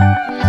Música